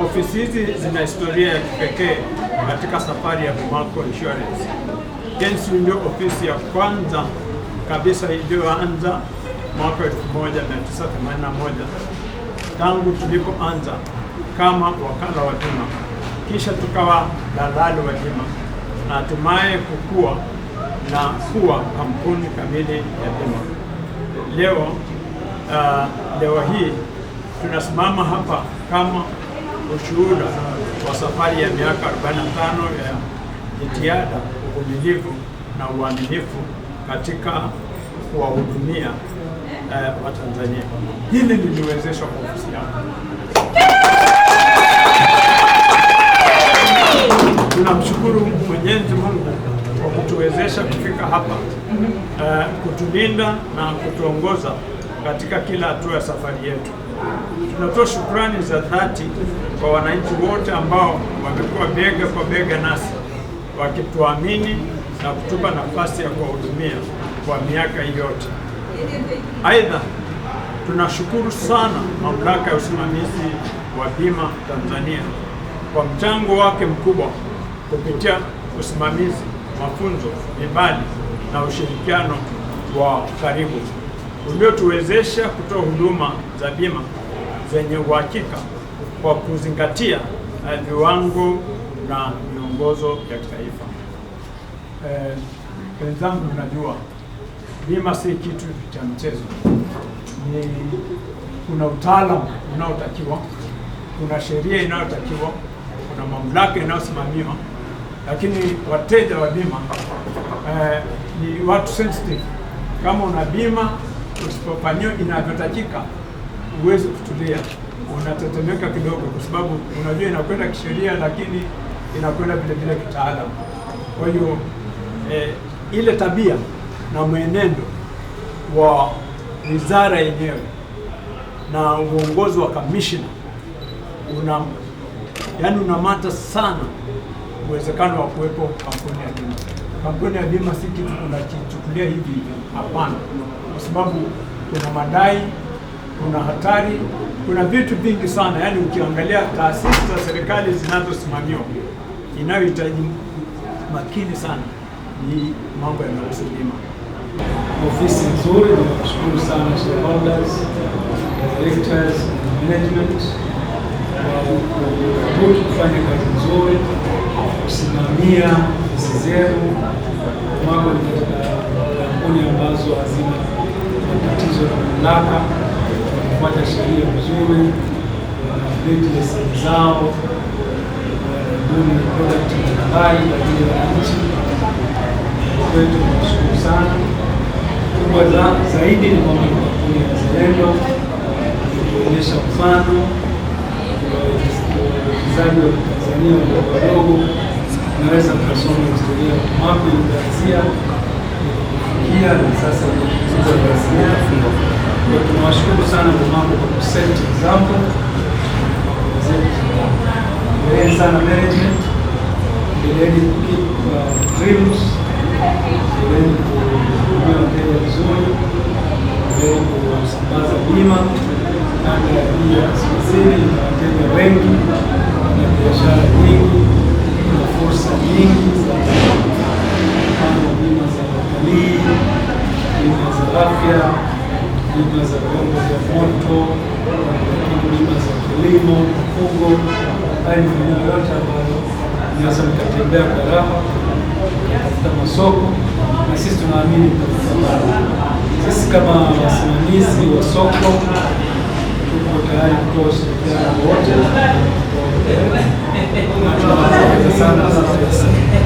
Ofisi hizi zina historia ya kipekee katika safari ya Bumaco Insurance. Agency ndio ofisi ya kwanza kabisa iliyoanza mwaka 1981 tangu tulipoanza kama wakala wa bima, kisha tukawa dalali wa bima na hatimaye kukua na kuwa kampuni kamili ya bima. Leo uh, leo hii tunasimama hapa kama ushuhuda wa safari ya miaka 45 ya jitihada, uvumilivu na uaminifu katika kuwahudumia eh, Watanzania. Hili liliwezeshwa kwa ofisi yangu. Tunamshukuru Mwenyezi Mungu kwa kutuwezesha kufika hapa eh, kutulinda na kutuongoza katika kila hatua ya safari yetu. Tunatoa shukrani za dhati kwa wananchi wote ambao wamekuwa bega kwa bega nasi wakituamini na kutupa nafasi ya kuwahudumia kwa miaka hii yote. Aidha, tunashukuru sana Mamlaka ya Usimamizi wa Bima Tanzania kwa mchango wake mkubwa kupitia usimamizi, mafunzo, vibali na ushirikiano wa karibu uliotuwezesha kutoa huduma za bima zenye uhakika kwa kuzingatia eh, viwango na miongozo ya kitaifa. Eh, wenzangu eh, bima si kitu cha mchezo, ni kuna utaalamu unaotakiwa, kuna sheria inayotakiwa, kuna mamlaka inayosimamiwa, lakini wateja wa bima eh, ni watu sensitive. Kama una bima usipofanyiwa inavyotakika uwezi kutulia, unatetemeka kidogo, kwa sababu unajua inakwenda kisheria, lakini inakwenda vile vile kitaalamu. Kwa hiyo eh, ile tabia na mwenendo wa wizara yenyewe na uongozi wa kamishna una unamata sana uwezekano wa kuwepo kampuni ya Jumia kampuni ya bima si kitu unakichukulia hivi hapana, kwa sababu kuna madai, kuna hatari, kuna vitu vingi sana. Yaani ukiangalia taasisi za serikali zinazosimamiwa, inayohitaji makini sana ni mambo yanayohusu bima. Ofisi nzuri, nakushukuru sana shareholders, directors, management kwa kufanya kazi nzuri kusimamia ofisi zenu mako ni katika eh, kampuni ambazo hazina matatizo ya mamlaka, wanafuata sheria vizuri, wanabeti leseni zao, wanabuni eh, product mbalimbali kwa ajili ya wananchi kwetu. Nashukuru sana. Kubwa zaidi ni kwamba ni kampuni ya Zalendo kuonyesha mfano wawekezaji wa Tanzania wadogo wadogo naweza tukasoma historia mwako ilikuanzia kufikia na sasa kuanzia. Tunawashukuru sana mamako kwa kuset example endeleni sana management, endeleeni drills, endeleeni kuhudumia wateja vizuri, endeleeni kusambaza bima kanda ya juu ya na wateja wengi na biashara nyingi huduma za vyombo vya moto, huduma za kilimo, mifugo, haya ni maeneo yote ambayo mnaweza mkatembea kwa raha, mkatafuta masoko, na sisi tunaamini mtatafuta. Sisi kama wasimamizi wa soko tuko tayari kutoa ushirikiano wote sana.